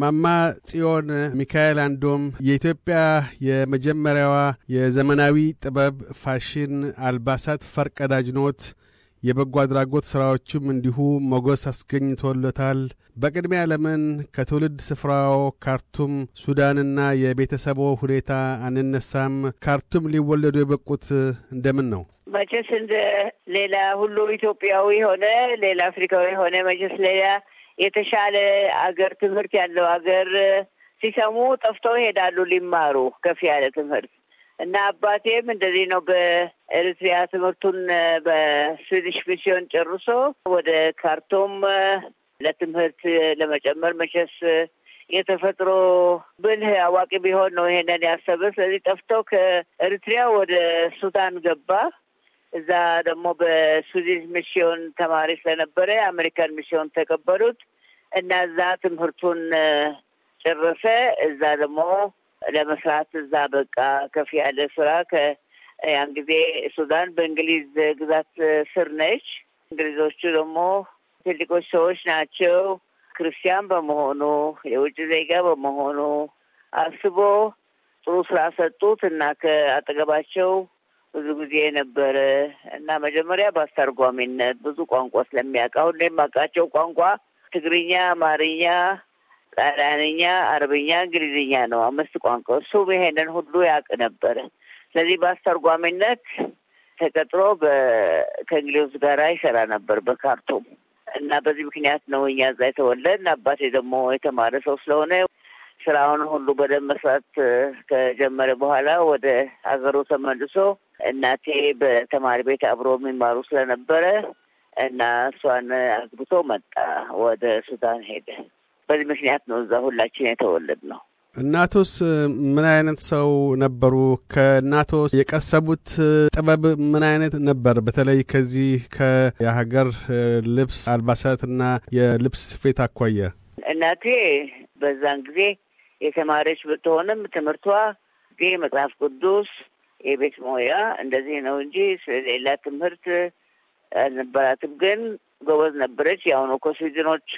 ማማ ጽዮን ሚካኤል አንዶም የኢትዮጵያ የመጀመሪያዋ የዘመናዊ ጥበብ ፋሽን አልባሳት ፈርቀዳጅ ኖት። የበጎ አድራጎት ሥራዎቹም እንዲሁ ሞገስ አስገኝቶለታል። በቅድሚያ ለምን ከትውልድ ስፍራው ካርቱም ሱዳንና የቤተሰቦ ሁኔታ አንነሳም? ካርቱም ሊወለዱ የበቁት እንደምን ነው? መቼስ እንደ ሌላ ሁሉ ኢትዮጵያዊ ሆነ ሌላ አፍሪካዊ ሆነ መቼስ ሌላ የተሻለ አገር ትምህርት ያለው አገር ሲሰሙ ጠፍተው ይሄዳሉ ሊማሩ ከፍ ያለ ትምህርት እና አባቴም እንደዚህ ነው። በኤርትሪያ ትምህርቱን በስዊዲሽ ሚስዮን ጨርሶ ወደ ካርቶም ለትምህርት ለመጨመር መቼስ የተፈጥሮ ብልህ አዋቂ ቢሆን ነው ይሄንን ያሰበ። ስለዚህ ጠፍቶ ከኤርትሪያ ወደ ሱዳን ገባ። እዛ ደግሞ በስዊዲሽ ሚሽዮን ተማሪ ስለነበረ አሜሪካን ሚሽዮን ተቀበሉት እና እዛ ትምህርቱን ጨረሰ። እዛ ደግሞ ለመስራት እዛ በቃ ከፍ ያለ ስራ ያን ጊዜ ሱዳን በእንግሊዝ ግዛት ስር ነች። እንግሊዞቹ ደግሞ ትልቆች ሰዎች ናቸው። ክርስቲያን በመሆኑ የውጭ ዜጋ በመሆኑ አስቦ ጥሩ ስራ ሰጡት እና ከአጠገባቸው ብዙ ጊዜ የነበረ እና መጀመሪያ በአስተርጓሚነት ብዙ ቋንቋ ስለሚያውቅ አሁን የማውቃቸው ቋንቋ ትግርኛ፣ አማርኛ፣ ጣሊያንኛ፣ አረብኛ፣ እንግሊዝኛ ነው። አምስት ቋንቋ እሱም ይሄንን ሁሉ ያውቅ ነበረ። ስለዚህ በአስተርጓሚነት ተቀጥሮ ከእንግሊዝ ጋር ይሰራ ነበር በካርቱም እና በዚህ ምክንያት ነው እኛ እዛ የተወለድን። አባቴ ደግሞ የተማረ ሰው ስለሆነ ስራውን ሁሉ በደንብ መስራት ከጀመረ በኋላ ወደ ሀገሩ ተመልሶ እናቴ በተማሪ ቤት አብሮ የሚማሩ ስለነበረ እና እሷን አግብቶ መጣ። ወደ ሱዳን ሄደ። በዚህ ምክንያት ነው እዛ ሁላችን የተወለድ ነው። እናቶስ ምን አይነት ሰው ነበሩ? ከእናቶስ የቀሰቡት ጥበብ ምን አይነት ነበር? በተለይ ከዚህ ከየሀገር ልብስ አልባሳት ና የልብስ ስፌት አኳየ እናቴ በዛን ጊዜ የተማሪዎች ብትሆንም ትምህርቷ ጊዜ መጽሐፍ ቅዱስ የቤት ሙያ እንደዚህ ነው እንጂ ስለሌላ ትምህርት አልነበራትም። ግን ጎበዝ ነበረች። የአሁኑ ኮስጅኖች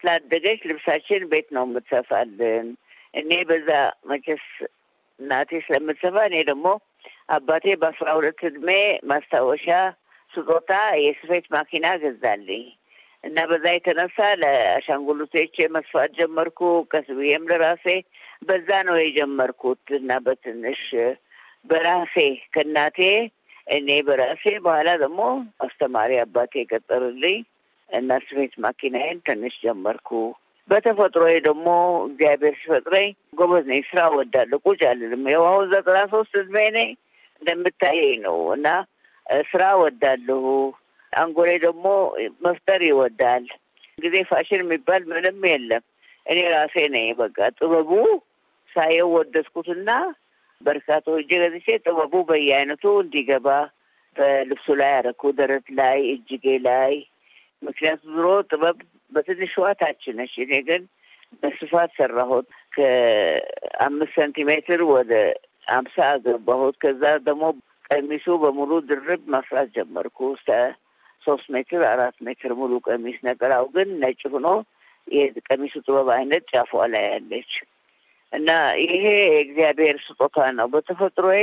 ስላደገች ልብሳችን ቤት ነው የምትሰፋልን። እኔ በዛ መቼስ እናቴ ስለምትሰፋ እኔ ደግሞ አባቴ በአስራ ሁለት እድሜ ማስታወሻ ስጦታ የስፌት ማኪና ገዛልኝ እና በዛ የተነሳ ለአሻንጉሊቶቼ መስፋት ጀመርኩ። ቀስ ብዬም ለራሴ በዛ ነው የጀመርኩት እና በትንሽ በራሴ ከእናቴ እኔ በራሴ በኋላ ደግሞ አስተማሪ አባቴ የቀጠርልኝ እና ስሜት ማኪናዬን ትንሽ ጀመርኩ። በተፈጥሮዬ ደግሞ እግዚአብሔር ሲፈጥረኝ ጎበዝ ነኝ፣ ስራ እወዳለሁ፣ ቁጭ አልልም። የዋሁን ዘጠና ሶስት እድሜ ነኝ እንደምታየኝ ነው እና ስራ ወዳለሁ። አንጎሌ ደግሞ መፍጠር ይወዳል። ጊዜ ፋሽን የሚባል ምንም የለም። እኔ ራሴ ነኝ በቃ ጥበቡ ሳየው ወደድኩትና በርካቶች ገዝቼ ጥበቡ በየአይነቱ እንዲገባ በልብሱ ላይ አረኩ፣ ደረት ላይ፣ እጅጌ ላይ። ምክንያቱ ዞሮ ጥበብ በትንሿ ታች ነች። እኔ ግን በስፋት ሰራሁት። ከአምስት ሴንቲሜትር ወደ አምሳ አገባሁት። ከዛ ደግሞ ቀሚሱ በሙሉ ድርብ መስራት ጀመርኩ። እስከ ሶስት ሜትር አራት ሜትር ሙሉ ቀሚስ ነጠላው ግን ነጭ ሆኖ የቀሚሱ ጥበብ አይነት ጫፏ ላይ ያለች እና ይሄ የእግዚአብሔር ስጦታ ነው። በተፈጥሮዬ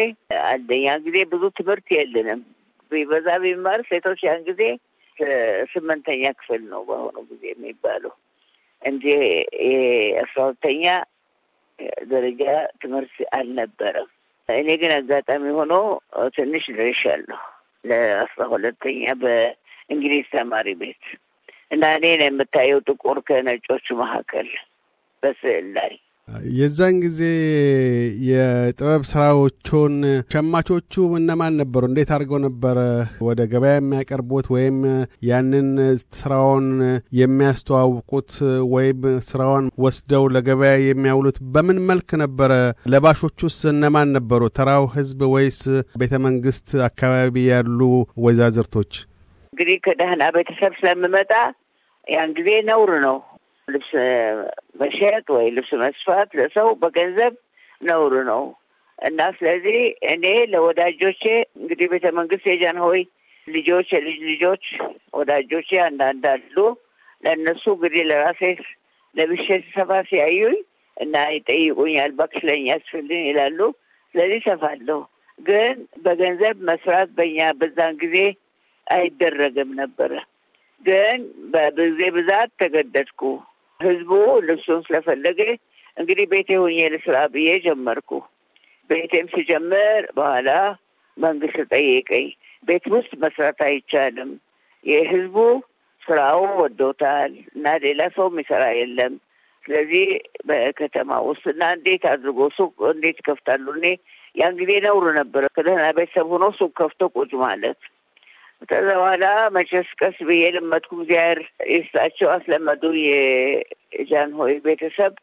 አንደኛ ጊዜ ብዙ ትምህርት የለንም። በዛ ቢማር ሴቶች ያን ጊዜ ስምንተኛ ክፍል ነው በአሁኑ ጊዜ የሚባለው እንጂ አስራ ሁለተኛ ደረጃ ትምህርት አልነበረም። እኔ ግን አጋጣሚ ሆኖ ትንሽ ደርሻለሁ ለአስራ ሁለተኛ በእንግሊዝ ተማሪ ቤት እና እኔ የምታየው ጥቁር ከነጮቹ መካከል በስዕል ላይ የዛን ጊዜ የጥበብ ስራዎቹን ሸማቾቹ እነማን ነበሩ? እንዴት አድርገው ነበረ ወደ ገበያ የሚያቀርቡት ወይም ያንን ስራውን የሚያስተዋውቁት ወይም ስራውን ወስደው ለገበያ የሚያውሉት በምን መልክ ነበረ? ለባሾቹስ እነማን ነበሩ? ተራው ህዝብ ወይስ ቤተ መንግስት አካባቢ ያሉ ወዛዝርቶች? እንግዲህ ከደህና ቤተሰብ ስለምመጣ ያን ጊዜ ነውር ነው ልብስ መሸጥ ወይ ልብስ መስፋት ለሰው በገንዘብ ነውሩ ነው እና ስለዚህ እኔ ለወዳጆቼ እንግዲህ ቤተ መንግስት የጃን ሆይ ልጆች፣ የልጅ ልጆች ወዳጆቼ አንዳንድ አሉ። ለእነሱ እንግዲህ ለራሴ ለብሼ ስሰፋ ሲያዩኝ እና ይጠይቁኛል፣ እባክሽ ለእኛ ስፍልን ይላሉ። ስለዚህ ሰፋለሁ። ግን በገንዘብ መስራት በኛ በዛን ጊዜ አይደረግም ነበረ። ግን በጊዜ ብዛት ተገደድኩ። ህዝቡ ልብሱን ስለፈለገ እንግዲህ ቤቴ ሁኜ ልስራ ብዬ ጀመርኩ። ቤቴም ሲጀምር በኋላ መንግስት ጠየቀኝ። ቤት ውስጥ መስራት አይቻልም፣ የህዝቡ ስራው ወዶታል እና ሌላ ሰው የሚሰራ የለም። ስለዚህ በከተማ ውስጥ እና እንዴት አድርጎ ሱቅ እንዴት ይከፍታሉ? እኔ ያን ጊዜ ነውሩ ነበረ። ከደህና ቤተሰብ ሆኖ ሱቅ ከፍቶ ቁጭ ማለት ከዛ በኋላ መቼስ ቀስ ብዬ ለመድኩ። እግዚአብሔር ይስጣቸው አስለመዱ። የጃንሆይ ቤተሰብ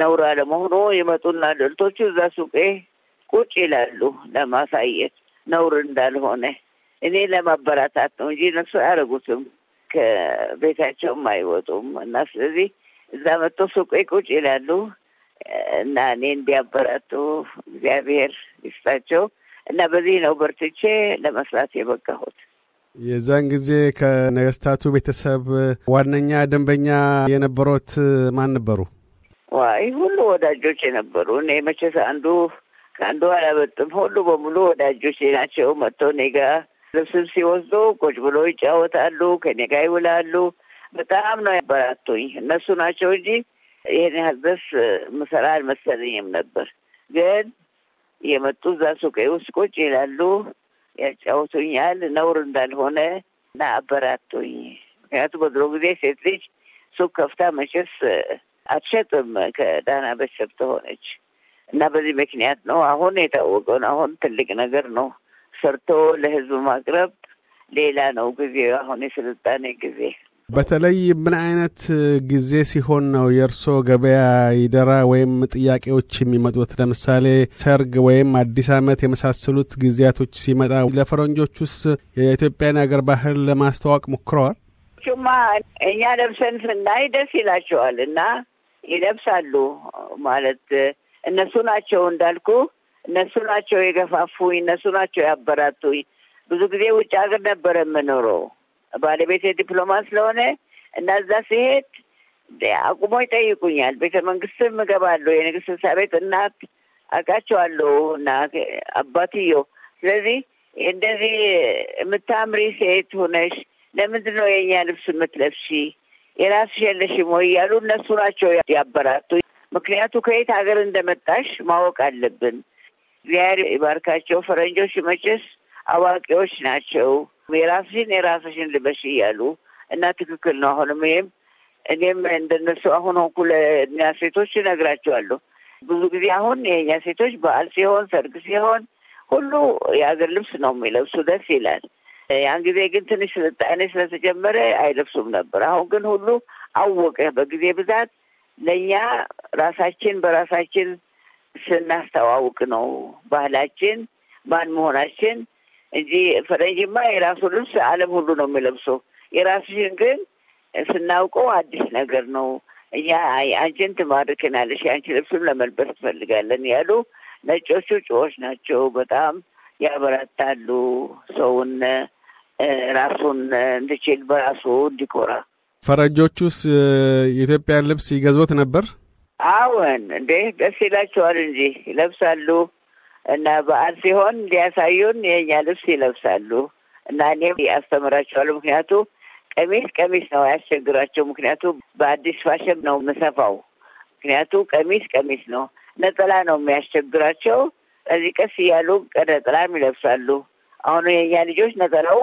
ነውር አለመሆኑ የመጡና ልዕልቶቹ እዛ ሱቄ ቁጭ ይላሉ ለማሳየት ነውር እንዳልሆነ እኔ ለማበራታት ነው እንጂ እነሱ አያደርጉትም፣ ከቤታቸውም አይወጡም። እና ስለዚህ እዛ መጥቶ ሱቄ ቁጭ ይላሉ እና እኔ እንዲያበረቱ እግዚአብሔር ይስጣቸው እና በዚህ ነው በርትቼ ለመስራት የበቃሁት። የዛን ጊዜ ከነገስታቱ ቤተሰብ ዋነኛ ደንበኛ የነበሩት ማን ነበሩ? ዋይ ሁሉ ወዳጆች የነበሩ እኔ መቼስ አንዱ ከአንዱ አላበጥም። ሁሉ በሙሉ ወዳጆች ናቸው። መጥቶ እኔ ጋ ልብስም ሲወስዱ ቁጭ ብሎ ይጫወታሉ፣ ከኔ ጋ ይውላሉ። በጣም ነው ያበራቱኝ እነሱ ናቸው እንጂ ይህን ያህል ድረስ ምሰራ አልመሰለኝም ነበር። ግን የመጡ እዛ ሱቄ ውስጥ ቁጭ ይላሉ ያጫውቱኛል ነውር እንዳልሆነ እና አበራቱኝ። ምክንያቱ በድሮ ጊዜ ሴት ልጅ ሱቅ ከፍታ መቼስ አትሸጥም ከዳና በሰብ ተሆነች እና በዚህ ምክንያት ነው አሁን የታወቀውን አሁን ትልቅ ነገር ነው ሰርቶ ለህዝብ ማቅረብ ሌላ ነው ጊዜ አሁን የስልጣኔ ጊዜ በተለይ ምን አይነት ጊዜ ሲሆን ነው የእርሶ ገበያ ይደራ ወይም ጥያቄዎች የሚመጡት? ለምሳሌ ሰርግ ወይም አዲስ ዓመት የመሳሰሉት ጊዜያቶች ሲመጣ ለፈረንጆቹስ የኢትዮጵያን ሀገር ባህል ለማስተዋወቅ ሞክረዋል? ቹማ እኛ ለብሰን ስናይ ደስ ይላቸዋል እና ይለብሳሉ። ማለት እነሱ ናቸው እንዳልኩ እነሱ ናቸው የገፋፉኝ፣ እነሱ ናቸው ያበራቱኝ። ብዙ ጊዜ ውጭ ሀገር ነበረ የምኖረው ባለቤት ዲፕሎማ ስለሆነ እና እዛ ሲሄድ አቁሞ ይጠይቁኛል። ቤተ መንግስትም እገባለሁ። የንግስት ሳ ቤት እናት አውቃቸዋለሁ እና አባትዮ። ስለዚህ እንደዚህ የምታምሪ ሴት ሁነሽ ለምንድን ነው የእኛ ልብስ የምትለብሺ? የራስሽ የለሽም ወይ እያሉ እነሱ ናቸው ያበራቱ። ምክንያቱ ከየት ሀገር እንደመጣሽ ማወቅ አለብን። እግዚአብሔር ይባርካቸው። ፈረንጆች መቼስ አዋቂዎች ናቸው። የራስሽን የራስሽን ልበሽ እያሉ እና ትክክል ነው። አሁንም ይሄም እኔም እንደነሱ አሁን ሆንኩ ለእኛ ሴቶች እነግራቸዋለሁ። ብዙ ጊዜ አሁን የእኛ ሴቶች በዓል ሲሆን፣ ሰርግ ሲሆን ሁሉ የሀገር ልብስ ነው የሚለብሱ ደስ ይላል። ያን ጊዜ ግን ትንሽ ስልጣኔ ስለተጀመረ አይለብሱም ነበር። አሁን ግን ሁሉ አወቀ በጊዜ ብዛት ለእኛ ራሳችን በራሳችን ስናስተዋውቅ ነው ባህላችን ማን መሆናችን እንጂ ፈረንጅማ የራሱ ልብስ ዓለም ሁሉ ነው የሚለብሰው። የራስሽን ግን ስናውቀው አዲስ ነገር ነው። እኛ አንቺን ትማርክናለሽ፣ የአንቺ ልብስም ለመልበስ ትፈልጋለን ያሉ ነጮቹ ጩዎች ናቸው። በጣም ያበረታሉ ሰውን ራሱን እንድችል በራሱ እንዲኮራ። ፈረንጆቹስ የኢትዮጵያን ልብስ ይገዝቦት ነበር? አዎን እንዴ፣ ደስ ይላቸዋል እንጂ ይለብሳሉ። እና በዓል ሲሆን ሊያሳዩን የእኛ ልብስ ይለብሳሉ እና እኔም አስተምራቸዋለሁ። ምክንያቱ ቀሚስ ቀሚስ ነው አያስቸግራቸው። ምክንያቱ በአዲስ ፋሽን ነው የምሰፋው። ምክንያቱ ቀሚስ ቀሚስ ነው። ነጠላ ነው የሚያስቸግራቸው። እዚህ ቀስ እያሉ ነጠላም ይለብሳሉ። አሁኑ የእኛ ልጆች ነጠላው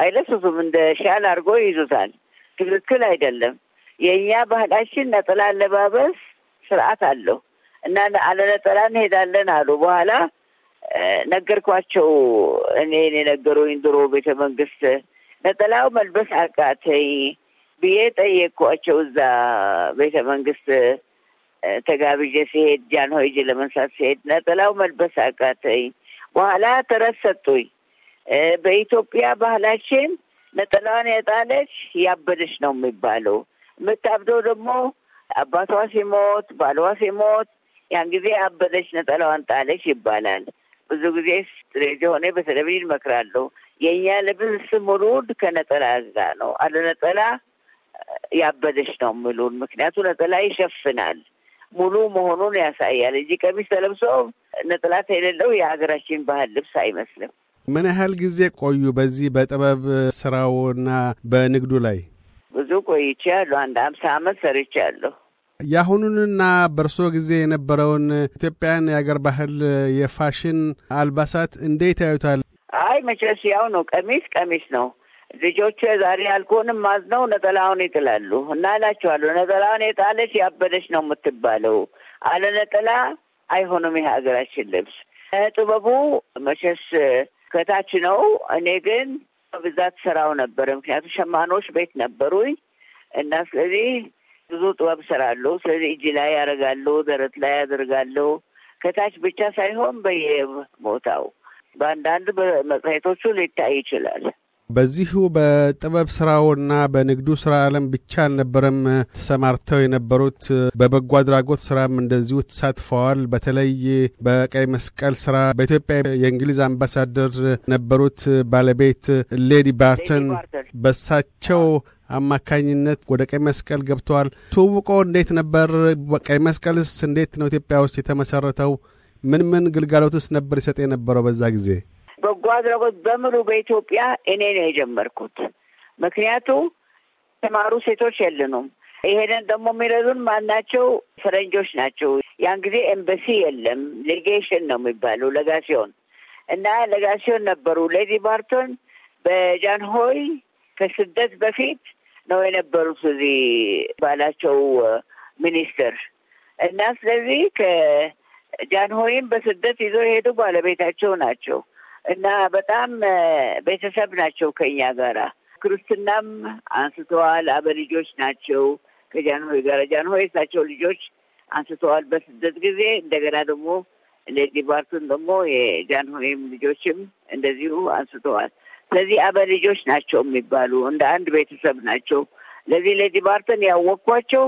አይለሱትም እንደ ሻል አድርጎ ይዙታል። ትክክል አይደለም። የእኛ ባህላችን ነጠላ አለባበስ ስርዓት አለው። እና አለነጠላ እንሄዳለን አሉ። በኋላ ነገርኳቸው። እኔን የነገሩኝ ድሮ ቤተ መንግስት ነጠላው መልበስ አቃተኝ ብዬ ጠየቅኳቸው። እዛ ቤተ መንግስት ተጋብዤ ሲሄድ ጃንሆይ ለመንሳት ሲሄድ ነጠላው መልበስ አቃተኝ። በኋላ ተረት ሰጡኝ። በኢትዮጵያ ባህላችን ነጠላዋን የጣለች ያበደች ነው የሚባለው። የምታብደው ደግሞ አባቷ ሲሞት፣ ባሏ ሲሞት ያን ጊዜ አበደች ነጠላዋን ጣለች ይባላል። ብዙ ጊዜ ሬዲዮ ሆኔ በቴሌቪዥን እመክራለሁ። የእኛ ልብስ ሙሉድ ከነጠላ ጋ ነው። አለ ነጠላ ያበደች ነው ምሉን። ምክንያቱ ነጠላ ይሸፍናል፣ ሙሉ መሆኑን ያሳያል እንጂ ቀሚስ ተለብሶ ነጠላ የሌለው የሀገራችን ባህል ልብስ አይመስልም። ምን ያህል ጊዜ ቆዩ በዚህ በጥበብ ስራውና በንግዱ ላይ? ብዙ ቆይቼ ያለሁ። አንድ አምሳ አመት ሰርቼ ያለሁ። የአሁኑንና በእርሶ ጊዜ የነበረውን ኢትዮጵያን የአገር ባህል የፋሽን አልባሳት እንዴት ያዩታል? አይ መቼስ ያው ነው፣ ቀሚስ ቀሚስ ነው። ልጆቹ ዛሬ ያልኩህንም ማዝነው ነጠላውን ይጥላሉ እና እላቸዋለሁ ነጠላውን የጣለች ያበደች ነው የምትባለው። አለ ነጠላ አይሆንም የሀገራችን ልብስ። ጥበቡ መቼስ ከታች ነው። እኔ ግን በብዛት ስራው ነበር፣ ምክንያቱም ሸማኖች ቤት ነበሩኝ እና ስለዚህ ብዙ ጥበብ ሰራለሁ። ስለዚህ እጅ ላይ ያደርጋለሁ፣ ደረት ላይ ያደርጋለሁ። ከታች ብቻ ሳይሆን በየቦታው በአንዳንድ መጽሔቶቹ ሊታይ ይችላል። በዚሁ በጥበብ ስራውና በንግዱ ስራ ዓለም ብቻ አልነበረም ተሰማርተው የነበሩት። በበጎ አድራጎት ስራም እንደዚሁ ተሳትፈዋል። በተለይ በቀይ መስቀል ስራ በኢትዮጵያ የእንግሊዝ አምባሳደር ነበሩት ባለቤት ሌዲ ባርተን በሳቸው አማካኝነት ወደ ቀይ መስቀል ገብተዋል። ትውውቆ እንዴት ነበር? ቀይ መስቀልስ እንዴት ነው ኢትዮጵያ ውስጥ የተመሰረተው? ምን ምን ግልጋሎትስ ነበር ይሰጥ የነበረው በዛ ጊዜ? በጎ አድራጎት በሙሉ በኢትዮጵያ እኔ ነው የጀመርኩት። ምክንያቱ ተማሩ ሴቶች የለንም። ይሄንን ደግሞ የሚረዱን ማናቸው? ፈረንጆች ናቸው። ያን ጊዜ ኤምበሲ የለም፣ ሌጌሽን ነው የሚባሉ ለጋሲዮን እና ለጋሲዮን ነበሩ። ሌዲ ባርቶን በጃንሆይ ከስደት በፊት ነው የነበሩት እዚህ ባላቸው ሚኒስትር እና ስለዚህ ከጃንሆይም በስደት ይዞ የሄዱ ባለቤታቸው ናቸው። እና በጣም ቤተሰብ ናቸው ከኛ ጋራ። ክርስትናም አንስተዋል። አበ ልጆች ናቸው ከጃንሆይ ጋር ጃንሆይ እሳቸው ልጆች አንስተዋል በስደት ጊዜ። እንደገና ደግሞ ሌዲ ባርቱን ደግሞ የጃንሆይም ልጆችም እንደዚሁ አንስተዋል። ስለዚህ አበ ልጆች ናቸው የሚባሉ እንደ አንድ ቤተሰብ ናቸው። ለዚህ ሌዲ ባርተን ያወቅኳቸው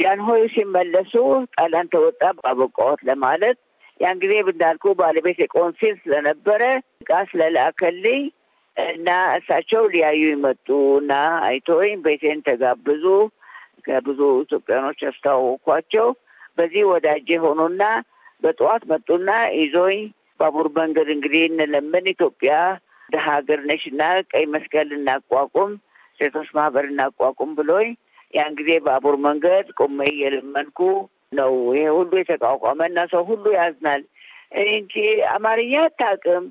ጃንሆይ ሲመለሱ ጣላን ተወጣ አበቃዎት ለማለት ያን ጊዜ ባለቤት የቆንሲል ስለነበረ እቃ ስለላከልኝ እና እሳቸው ሊያዩ ይመጡ እና አይቶኝ ቤቴን ተጋብዙ። ከብዙ ኢትዮጵያኖች አስተዋወቅኳቸው። በዚህ ወዳጄ ሆኑና በጠዋት መጡና ይዞኝ ባቡር መንገድ እንግዲህ እንለምን ኢትዮጵያ ደሀ ሀገር ነሽ ቀይ መስቀል እናቋቁም፣ ሴቶች ማህበር እናቋቁም ብሎኝ ያን ጊዜ ባቡር መንገድ ቆሜ እየለመንኩ ነው ይሄ ሁሉ የተቋቋመ እና ሰው ሁሉ ያዝናል። እንጂ አማርኛ አታውቅም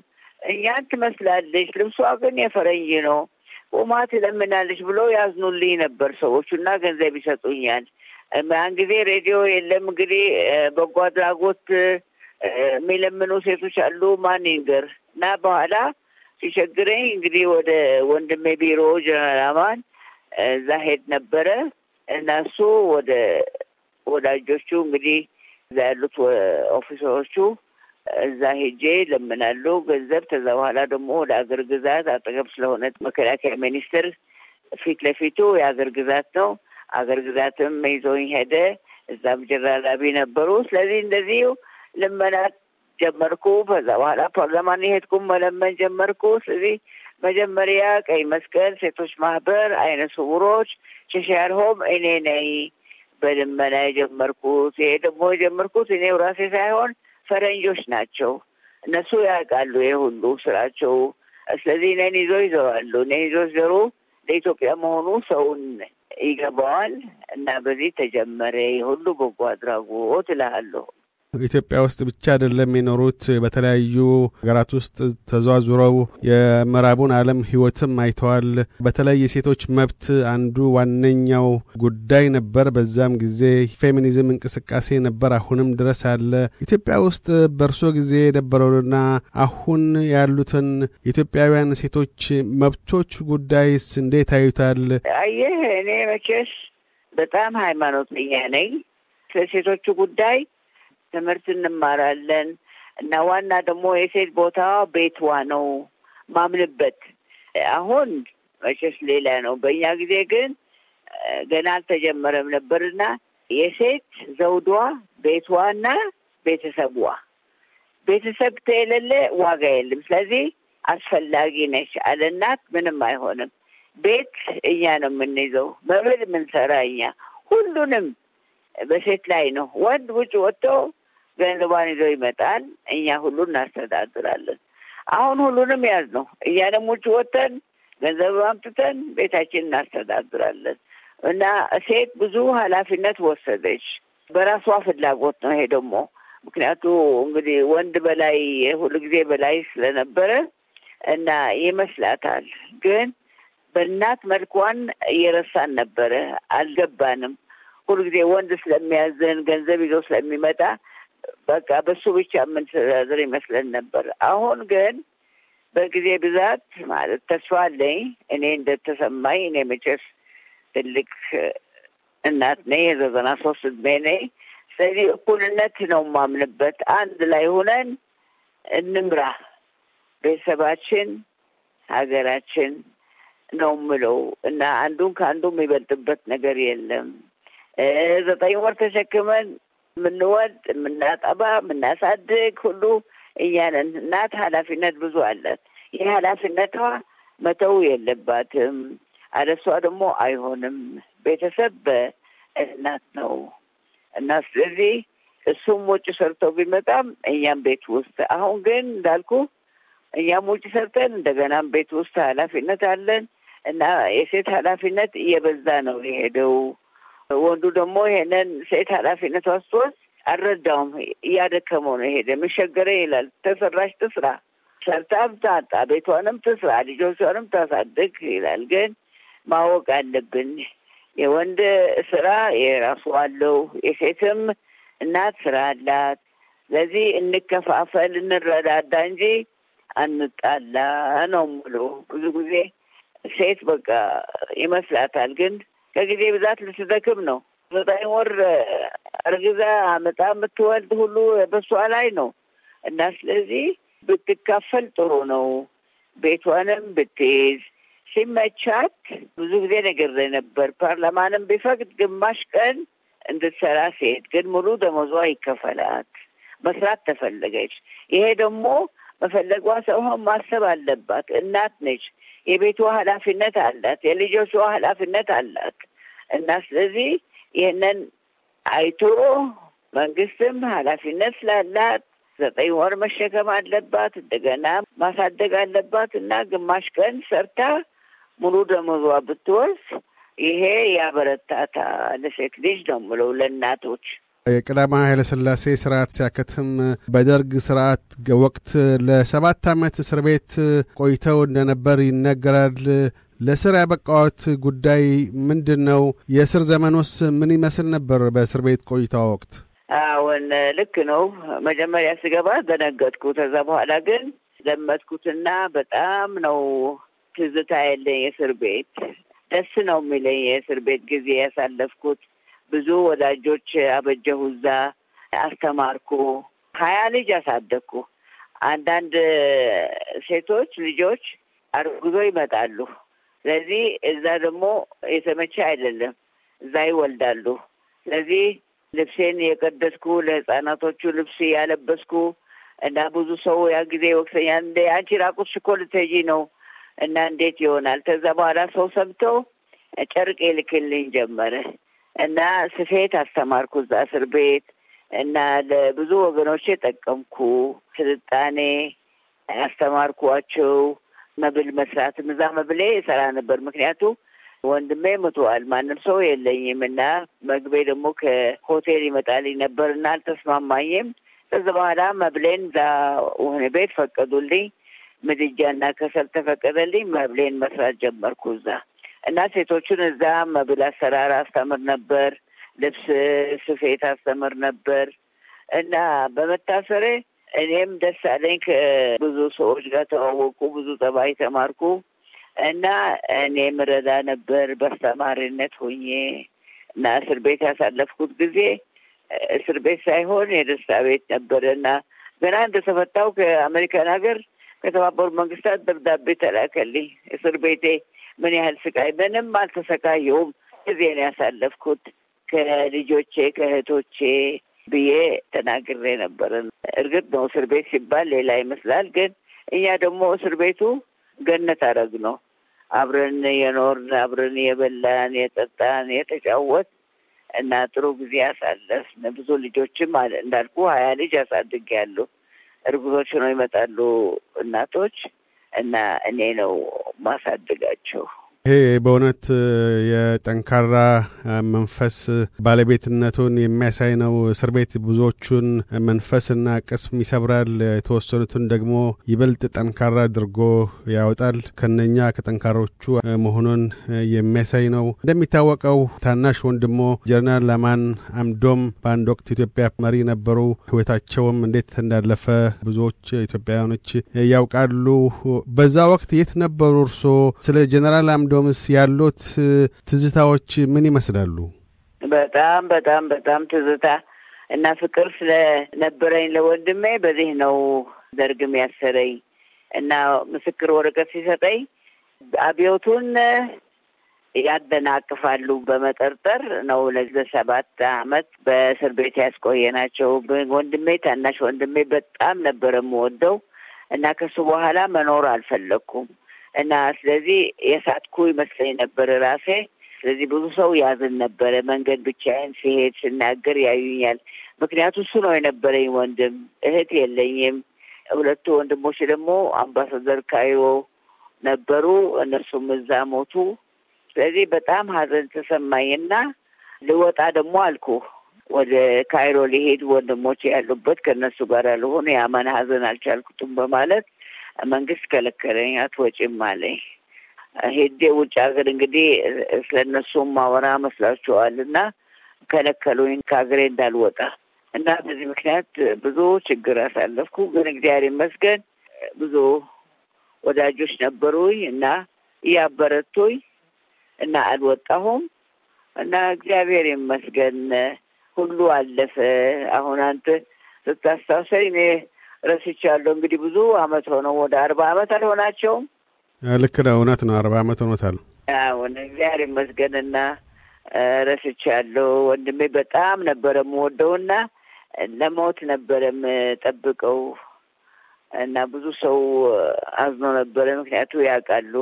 እኛን ትመስላለች፣ ልብሷ ግን የፈረንጅ ነው፣ ቁማ ትለምናለች ብሎ ያዝኑልኝ ነበር ሰዎቹ እና ገንዘብ ይሰጡኛል። ያን ጊዜ ሬዲዮ የለም። እንግዲህ በጎ አድራጎት የሚለምኑ ሴቶች አሉ። ማን ይንገር እና በኋላ ሲቸግረኝ እንግዲህ ወደ ወንድሜ ቢሮ ጀነራል አማን እዛ ሄድ ነበረ እና እሱ ወደ ወዳጆቹ እንግዲህ እዛ ያሉት ኦፊሰሮቹ እዛ ሄጄ ለምናሉ ገንዘብ። ከዛ በኋላ ደግሞ ወደ አገር ግዛት አጠገብ ስለሆነ መከላከያ ሚኒስትር ፊት ለፊቱ የአገር ግዛት ነው። አገር ግዛትም ይዞኝ ሄደ። እዛም ጀራላቢ ነበሩ። ስለዚህ እንደዚህ ልመና ጀመርኩ። ከዛ በኋላ ፓርላማን የሄድኩም መለመን ጀመርኩ። ስለዚህ መጀመሪያ ቀይ መስቀል፣ ሴቶች ማህበር፣ አይነ ስውሮች፣ ሸሸያር ሆም እኔ ነኝ በልመና የጀመርኩት። ይሄ ደግሞ የጀመርኩት እኔው ራሴ ሳይሆን ፈረንጆች ናቸው። እነሱ ያውቃሉ ይሄ ሁሉ ስራቸው። ስለዚህ እኔን ይዞ ይዘዋሉ። እኔን ይዞ ሲዘሩ ለኢትዮጵያ መሆኑ ሰውን ይገባዋል እና በዚህ ተጀመረ። ሁሉ በጎ አድራጎት እልሃለሁ። ኢትዮጵያ ውስጥ ብቻ አይደለም የኖሩት። በተለያዩ ሀገራት ውስጥ ተዘዋዙረው የምዕራቡን ዓለም ህይወትም አይተዋል። በተለይ የሴቶች መብት አንዱ ዋነኛው ጉዳይ ነበር። በዛም ጊዜ ፌሚኒዝም እንቅስቃሴ ነበር፣ አሁንም ድረስ አለ። ኢትዮጵያ ውስጥ በእርሶ ጊዜ የነበረውንና አሁን ያሉትን የኢትዮጵያውያን ሴቶች መብቶች ጉዳይስ እንዴት አዩታል? አየህ እኔ መቼስ በጣም ሃይማኖት ነኝ። ሴቶቹ ጉዳይ ትምህርት እንማራለን እና ዋና ደግሞ የሴት ቦታ ቤትዋ ነው ማምንበት። አሁን መቼስ ሌላ ነው። በእኛ ጊዜ ግን ገና አልተጀመረም ነበርና የሴት ዘውዷ ቤቷና ቤተሰቧ፣ ቤተሰብ ተየለለ ዋጋ የለም። ስለዚህ አስፈላጊ ነች። አለ እናት ምንም አይሆንም። ቤት እኛ ነው የምንይዘው፣ መብል የምንሰራ እኛ። ሁሉንም በሴት ላይ ነው። ወንድ ውጭ ወጥቶ ገንዘቧን ይዞ ይመጣል። እኛ ሁሉ እናስተዳድራለን። አሁን ሁሉንም ያዝ ነው። ደግሞ ውጭ ወጥተን ገንዘብ አምጥተን ቤታችን እናስተዳድራለን እና ሴት ብዙ ኃላፊነት ወሰደች። በራሷ ፍላጎት ነው ይሄ ደግሞ ምክንያቱ እንግዲህ ወንድ በላይ ሁሉ ጊዜ በላይ ስለነበረ እና ይመስላታል። ግን በእናት መልኳን እየረሳን ነበረ፣ አልገባንም። ሁሉ ጊዜ ወንድ ስለሚያዝን ገንዘብ ይዞ ስለሚመጣ በቃ በሱ ብቻ የምንተዳደር ይመስለን ነበር። አሁን ግን በጊዜ ብዛት ማለት ተስፋ አለኝ እኔ እንደተሰማኝ እኔ መቼስ ትልቅ እናት ነኝ፣ የዘጠና ሶስት እድሜ ነኝ። ስለዚህ እኩልነት ነው የማምንበት። አንድ ላይ ሆነን እንምራ ቤተሰባችን፣ ሀገራችን ነው የምለው እና አንዱን ከአንዱ የሚበልጥበት ነገር የለም። ዘጠኝ ወር ተሸክመን የምንወድ፣ የምናጠባ፣ የምናሳድግ ሁሉ እኛንን እናት ኃላፊነት ብዙ አለን። ይህ ኃላፊነቷ መተው የለባትም። አለሷ ደግሞ አይሆንም። ቤተሰብ በእናት ነው እና ስለዚህ እሱም ውጭ ሰርተው ቢመጣም እኛም ቤት ውስጥ አሁን ግን እንዳልኩ እኛም ውጭ ሰርተን እንደገናም ቤት ውስጥ ኃላፊነት አለን እና የሴት ኃላፊነት እየበዛ ነው የሄደው። ወንዱ ደግሞ ይሄንን ሴት ኃላፊነት ወስዶት አልረዳውም። እያደከመው ነው ይሄደ መሸገረ ይላል። ተሰራሽ ትስራ፣ ሰርታ ብታጣ፣ ቤቷንም ትስራ፣ ልጆቿንም ታሳድግ ይላል። ግን ማወቅ አለብን የወንድ ስራ የራሱ አለው፣ የሴትም እናት ስራ አላት። ስለዚህ እንከፋፈል፣ እንረዳዳ እንጂ አንጣላ ነው ሙሉ ብዙ ጊዜ ሴት በቃ ይመስላታል ግን ከጊዜ ብዛት ልትደክም ነው። ዘጠኝ ወር እርግዛ አመጣ የምትወልድ ሁሉ በሷ ላይ ነው እና ስለዚህ ብትካፈል ጥሩ ነው። ቤቷንም ብትይዝ ሲመቻት ብዙ ጊዜ ነገር ነበር። ፓርላማንም ቢፈቅድ ግማሽ ቀን እንድትሰራ ሴት ግን ሙሉ ደሞዟ ይከፈላት መስራት ተፈለገች። ይሄ ደግሞ መፈለጓ ሰውሆን ማሰብ አለባት። እናት ነች። የቤቱ ኃላፊነት አላት፣ የልጆቹ ኃላፊነት አላት እና ስለዚህ ይህንን አይቶ መንግስትም ኃላፊነት ስላላት ዘጠኝ ወር መሸከም አለባት፣ እንደገና ማሳደግ አለባት እና ግማሽ ቀን ሰርታ ሙሉ ደመወዟ ብትወስድ ይሄ ያበረታታ ለሴት ልጅ ነው የምለው ለእናቶች የቀዳማዊ ኃይለሥላሴ ስርዓት ሲያከትም በደርግ ስርዓት ወቅት ለሰባት ዓመት እስር ቤት ቆይተው እንደነበር ይነገራል። ለስር ያበቃዎት ጉዳይ ምንድን ነው? የእስር ዘመኖስ ምን ይመስል ነበር? በእስር ቤት ቆይታ ወቅት አሁን ልክ ነው። መጀመሪያ ስገባ ደነገጥኩ። ከዛ በኋላ ግን ለመድኩትና በጣም ነው ትዝታ ያለኝ። የእስር ቤት ደስ ነው የሚለኝ የእስር ቤት ጊዜ ያሳለፍኩት ብዙ ወዳጆች አበጀሁ። እዛ አስተማርኩ። ሀያ ልጅ አሳደግኩ። አንዳንድ ሴቶች ልጆች አርጉዞ ይመጣሉ። ስለዚህ እዛ ደግሞ የተመቸ አይደለም፣ እዛ ይወልዳሉ። ስለዚህ ልብሴን የቀደስኩ ለህፃናቶቹ ልብስ ያለበስኩ እና ብዙ ሰው ያ ጊዜ ይወቅሰኛል። እንደ አንቺ ራቁትሽ እኮ ልትሄጂ ነው እና እንዴት ይሆናል? ከዛ በኋላ ሰው ሰብተው ጨርቅ ይልክልኝ ጀመረ። እና ስፌት አስተማርኩ እዛ እስር ቤት እና ለብዙ ወገኖች የጠቀምኩ ስልጣኔ አስተማርኳቸው። መብል መስራት እዛ መብሌ የሰራ ነበር። ምክንያቱ ወንድሜ ምቷል፣ ማንም ሰው የለኝም እና መግቤ ደግሞ ከሆቴል ይመጣልኝ ነበር እና አልተስማማኝም። ከዚ በኋላ መብሌን እዛ ወህኒ ቤት ፈቀዱልኝ። ምድጃና ከሰል ተፈቀደልኝ። መብሌን መስራት ጀመርኩ እዛ እና ሴቶቹን እዛ መብል አሰራር አስተምር ነበር፣ ልብስ ስፌት አስተምር ነበር እና በመታሰሬ እኔም ደስ አለኝ። ከብዙ ሰዎች ጋር ተዋወቁ፣ ብዙ ጠባይ ተማርኩ እና እኔም ረዳ ነበር በአስተማሪነት ሆኜ እና እስር ቤት ያሳለፍኩት ጊዜ እስር ቤት ሳይሆን የደስታ ቤት ነበር እና ገና እንደተፈታው ከአሜሪካን ሀገር ከተባበሩት መንግስታት ደብዳቤ ተላከልኝ እስር ቤቴ ምን ያህል ስቃይ ምንም አልተሰቃየውም ጊዜን ያሳለፍኩት ከልጆቼ ከእህቶቼ ብዬ ተናግሬ ነበር። እርግጥ ነው እስር ቤት ሲባል ሌላ ይመስላል። ግን እኛ ደግሞ እስር ቤቱ ገነት አረግ ነው። አብረን የኖርን አብረን የበላን የጠጣን የተጫወት እና ጥሩ ጊዜ አሳለፍን። ብዙ ልጆችም እንዳልኩ ሀያ ልጅ አሳድጌያለሁ። እርጉዞች ነው ይመጣሉ እናቶች እና እኔ ነው ማሳደጋቸው ይሄ በእውነት የጠንካራ መንፈስ ባለቤትነቱን የሚያሳይ ነው። እስር ቤት ብዙዎቹን መንፈስና ቅስም ይሰብራል፣ የተወሰኑትን ደግሞ ይበልጥ ጠንካራ አድርጎ ያወጣል። ከነኛ ከጠንካሮቹ መሆኑን የሚያሳይ ነው። እንደሚታወቀው ታናሽ ወንድሞ ጀነራል ለማን አምዶም በአንድ ወቅት ኢትዮጵያ መሪ ነበሩ። ህይወታቸውም እንዴት እንዳለፈ ብዙዎች ኢትዮጵያውያኖች ያውቃሉ። በዛ ወቅት የት ነበሩ እርሶ? ስለ ጀነራል አምዶ ኮንዶምስ ያሉት ትዝታዎች ምን ይመስላሉ? በጣም በጣም በጣም ትዝታ እና ፍቅር ስለነበረኝ ለወንድሜ በዚህ ነው ደርግም ያሰረኝ እና ምስክር ወረቀት ሲሰጠኝ አብዮቱን ያደናቅፋሉ በመጠርጠር ነው ሰባት አመት በእስር ቤት ያስቆየናቸው። ወንድሜ ታናሽ ወንድሜ በጣም ነበረ የምወደው እና ከሱ በኋላ መኖር አልፈለግኩም። እና ስለዚህ የሳትኩ ይመስለኝ ነበር ራሴ። ስለዚህ ብዙ ሰው ያዝን ነበረ። መንገድ ብቻዬን ሲሄድ ስናገር ያዩኛል። ምክንያቱ እሱ ነው የነበረኝ ወንድም። እህት የለኝም። ሁለቱ ወንድሞች ደግሞ አምባሳደር ካይሮ ነበሩ። እነሱም እዛ ሞቱ። ስለዚህ በጣም ሀዘን ተሰማኝና ልወጣ ደግሞ አልኩ ወደ ካይሮ ሊሄድ ወንድሞች ያሉበት ከእነሱ ጋር ያልሆኑ ያማን ሀዘን አልቻልኩትም በማለት መንግስት ከለከለኝ፣ አትወጪም አለኝ። ሄዴ ውጭ ሀገር እንግዲህ ስለ እነሱም ማወራ መስላችኋል እና ከለከሉኝ ከሀገሬ እንዳልወጣ እና በዚህ ምክንያት ብዙ ችግር አሳለፍኩ። ግን እግዚአብሔር ይመስገን ብዙ ወዳጆች ነበሩኝ እና እያበረቱኝ እና አልወጣሁም እና እግዚአብሔር ይመስገን ሁሉ አለፈ። አሁን አንተ ስታስታውሰኝ እኔ ረስቻለሁ። እንግዲህ ብዙ አመት ሆነው ወደ አርባ አመት አልሆናቸውም። ልክ ነው፣ እውነት ነው። አርባ አመት ሆኖታል። አሁን እግዚአብሔር ይመስገንና ረስቻለሁ። ወንድሜ በጣም ነበረ የምወደውና ለሞት ነበረ የምጠብቀው እና ብዙ ሰው አዝኖ ነበረ። ምክንያቱ ያውቃሉ።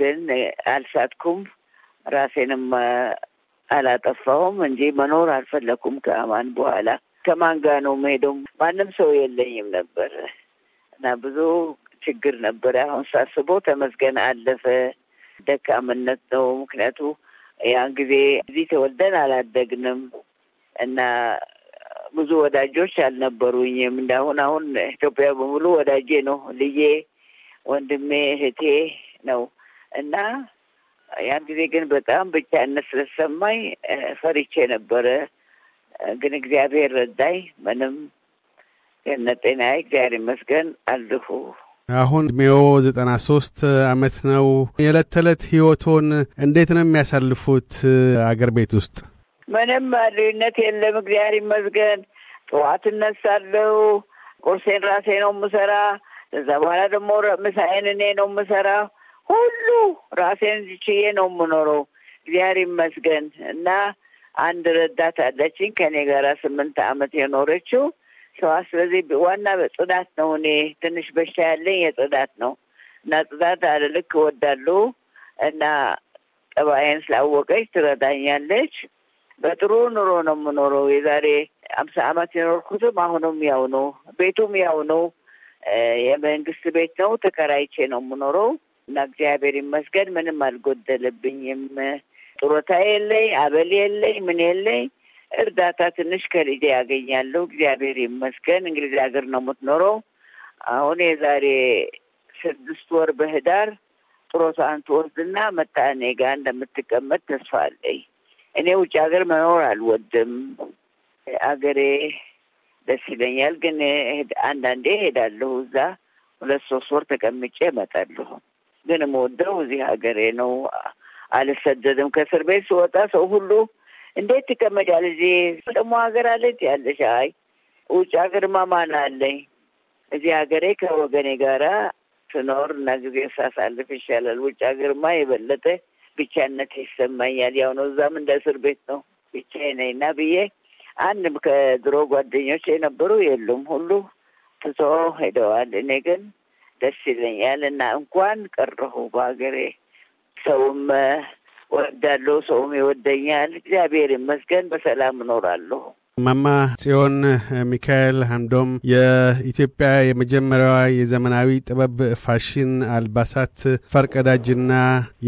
ግን አልሳትኩም፣ ራሴንም አላጠፋሁም እንጂ መኖር አልፈለኩም ከአማን በኋላ ከማን ጋር ነው የምሄደው? ማንም ሰው የለኝም ነበር እና ብዙ ችግር ነበር አሁን ሳስበው ተመስገን አለፈ። ደካምነት ነው ምክንያቱ ያን ጊዜ እዚህ ተወልደን አላደግንም እና ብዙ ወዳጆች አልነበሩኝም። እንዳሁን አሁን ኢትዮጵያ በሙሉ ወዳጄ ነው። ልዬ፣ ወንድሜ፣ እህቴ ነው እና ያን ጊዜ ግን በጣም ብቻነት ስለሰማኝ ፈሪቼ ነበረ። ግን እግዚአብሔር ረዳኝ። ምንም ጤና እግዚአብሔር ይመስገን አለሁ። አሁን ዕድሜዎ ዘጠና ሶስት አመት ነው። የዕለት ተዕለት ህይወቶን እንዴት ነው የሚያሳልፉት አገር ቤት ውስጥ? ምንም ልዩነት የለም እግዚአብሔር ይመስገን። ጠዋት እነሳለሁ። ቁርሴን ራሴ ነው የምሰራ። ከዛ በኋላ ደግሞ ምሳዬን እኔ ነው የምሰራ። ሁሉ ራሴን ችዬ ነው የምኖረው እግዚአብሔር ይመስገን እና አንድ ረዳት አለችኝ ከኔ ጋራ ስምንት አመት የኖረችው ሰዋ። ስለዚህ ዋና ጽዳት ነው። እኔ ትንሽ በሽታ ያለኝ የጽዳት ነው እና ጽዳት አልልክ እወዳለሁ እና ጠባይን ስላወቀች ትረዳኛለች። በጥሩ ኑሮ ነው የምኖረው። የዛሬ አምሳ አመት የኖርኩትም አሁንም ያው ነው። ቤቱም ያው ነው። የመንግስት ቤት ነው። ተከራይቼ ነው የምኖረው እና እግዚአብሔር ይመስገን ምንም አልጎደለብኝም። ጡረታ የለኝ፣ አበል የለኝ፣ ምን የለኝ። እርዳታ ትንሽ ከልጄ ያገኛለሁ። እግዚአብሔር ይመስገን። እንግሊዝ ሀገር ነው የምትኖረው። አሁን የዛሬ ስድስት ወር በህዳር ጡረታን ትወስድና መጣ እኔ ጋር እንደምትቀመጥ ተስፋ አለኝ። እኔ ውጭ ሀገር መኖር አልወድም። አገሬ ደስ ይለኛል፣ ግን አንዳንዴ ሄዳለሁ። እዛ ሁለት ሶስት ወር ተቀምጬ እመጣለሁ። ግን የምወደው እዚህ ሀገሬ ነው። አልሰደድም። ከእስር ቤት ስወጣ ሰው ሁሉ እንዴት ትቀመጫል? እዚህ ደግሞ ሀገር አለች ያለሽ? አይ ውጭ ሀገር ማማን አለኝ? እዚህ ሀገሬ ከወገኔ ጋራ ስኖር እና ጊዜ ሳሳልፍ ይሻላል። ውጭ ሀገርማ የበለጠ ብቻነት ይሰማኛል። ያው ነው፣ እዛም እንደ እስር ቤት ነው፣ ብቻዬን ነኝ እና ብዬ አንድም ከድሮ ጓደኞች የነበሩ የሉም፣ ሁሉ ትቶ ሄደዋል። እኔ ግን ደስ ይለኛል እና እንኳን ቀረሁ በሀገሬ ሰውም ወዳለው ሰውም ይወደኛል። እግዚአብሔር ይመስገን በሰላም እኖራለሁ። ማማ ጽዮን ሚካኤል ሀምዶም የኢትዮጵያ የመጀመሪያዋ የዘመናዊ ጥበብ ፋሽን አልባሳት ፈርቀዳጅና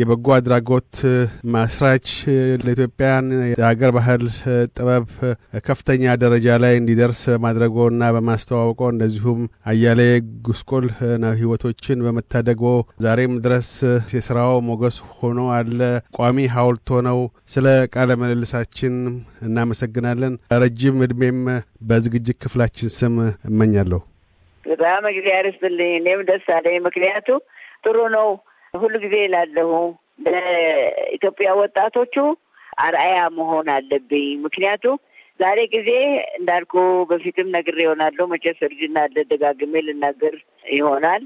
የበጎ አድራጎት ማስራች ለኢትዮጵያን የሀገር ባህል ጥበብ ከፍተኛ ደረጃ ላይ እንዲደርስ በማድረጎና በማስተዋወቆ እንደዚሁም አያሌ ጉስቁል ህይወቶችን በመታደጎ ዛሬም ድረስ የስራው ሞገስ ሆኖ አለ። ቋሚ ሀውልቶ ነው ስለ ቃለ ምልልሳችን እናመሰግናለን። ረጅም እድሜም በዝግጅት ክፍላችን ስም እመኛለሁ። በጣም እግዚአብሔር ይስጥልኝ። እኔም ደስ አለኝ። ምክንያቱ ጥሩ ነው። ሁሉ ጊዜ ይላለሁ ለኢትዮጵያ ወጣቶቹ አርአያ መሆን አለብኝ። ምክንያቱ ዛሬ ጊዜ እንዳልኩ በፊትም ነግሬ ይሆናለሁ መቼስ እርጅና አለ፣ ደጋግሜ ልናገር ይሆናል።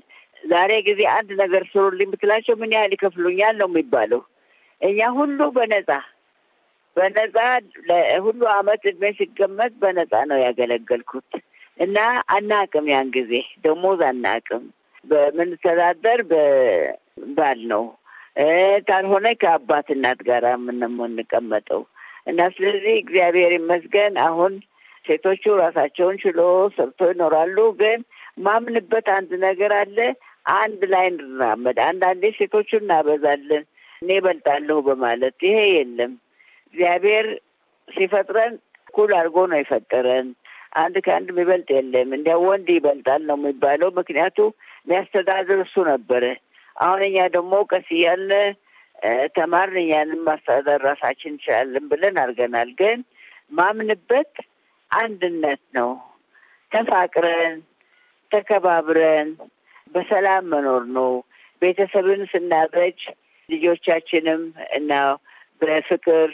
ዛሬ ጊዜ አንድ ነገር ስሩልኝ ብትላቸው ምን ያህል ይከፍሉኛል ነው የሚባለው። እኛ ሁሉ በነጻ በነጻ ሁሉ አመት እድሜ ሲገመት በነጻ ነው ያገለገልኩት እና አናቅም። ያን ጊዜ ደሞዝ አናቅም። በምንተዳደር በባል ነው ካልሆነ ከአባት እናት ጋር የምንቀመጠው እና ስለዚህ እግዚአብሔር ይመስገን አሁን ሴቶቹ ራሳቸውን ችሎ ሰርቶ ይኖራሉ። ግን ማምንበት አንድ ነገር አለ። አንድ ላይ እንድናመድ አንዳንዴ ሴቶቹ እናበዛለን፣ እኔ እበልጣለሁ በማለት ይሄ የለም። እግዚአብሔር ሲፈጥረን እኩል አድርጎ ነው የፈጠረን። አንድ ከአንድ የሚበልጥ የለም። እንደ ወንድ ይበልጣል ነው የሚባለው። ምክንያቱ የሚያስተዳድር እሱ ነበረ። አሁን እኛ ደግሞ ቀስ እያልን ተማርን፣ እኛንም ማስተዳደር ራሳችን እንችላለን ብለን አድርገናል። ግን ማምንበት አንድነት ነው። ተፋቅረን ተከባብረን በሰላም መኖር ነው። ቤተሰብን ስናድረጅ ልጆቻችንም እና በፍቅር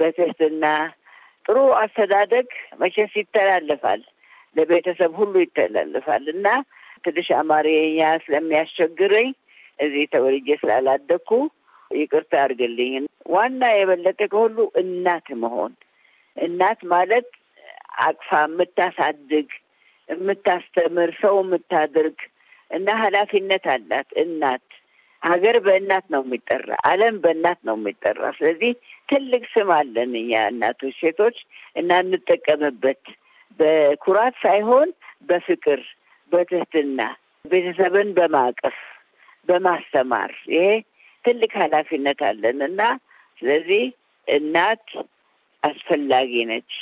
በትህትና ጥሩ አስተዳደግ መቼስ ይተላለፋል፣ ለቤተሰብ ሁሉ ይተላልፋል እና ትንሽ አማርኛ ስለሚያስቸግረኝ እዚህ ተወልጄ ስላላደግኩ ይቅርታ አድርግልኝ። ዋና የበለጠ ከሁሉ እናት መሆን እናት ማለት አቅፋ የምታሳድግ የምታስተምር፣ ሰው የምታደርግ እና ኃላፊነት አላት እናት ሀገር በእናት ነው የሚጠራ፣ ዓለም በእናት ነው የሚጠራ። ስለዚህ ትልቅ ስም አለን እኛ እናቶች፣ ሴቶች እና እንጠቀምበት በኩራት ሳይሆን በፍቅር በትህትና ቤተሰብን በማቀፍ በማስተማር ይሄ ትልቅ ኃላፊነት አለን እና ስለዚህ እናት አስፈላጊ ነች።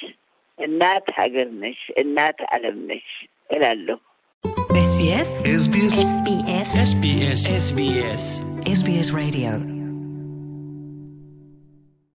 እናት ሀገር ነች። እናት ዓለም ነች እላለሁ። SBS SBS SBS SBS SBS, SBS Radio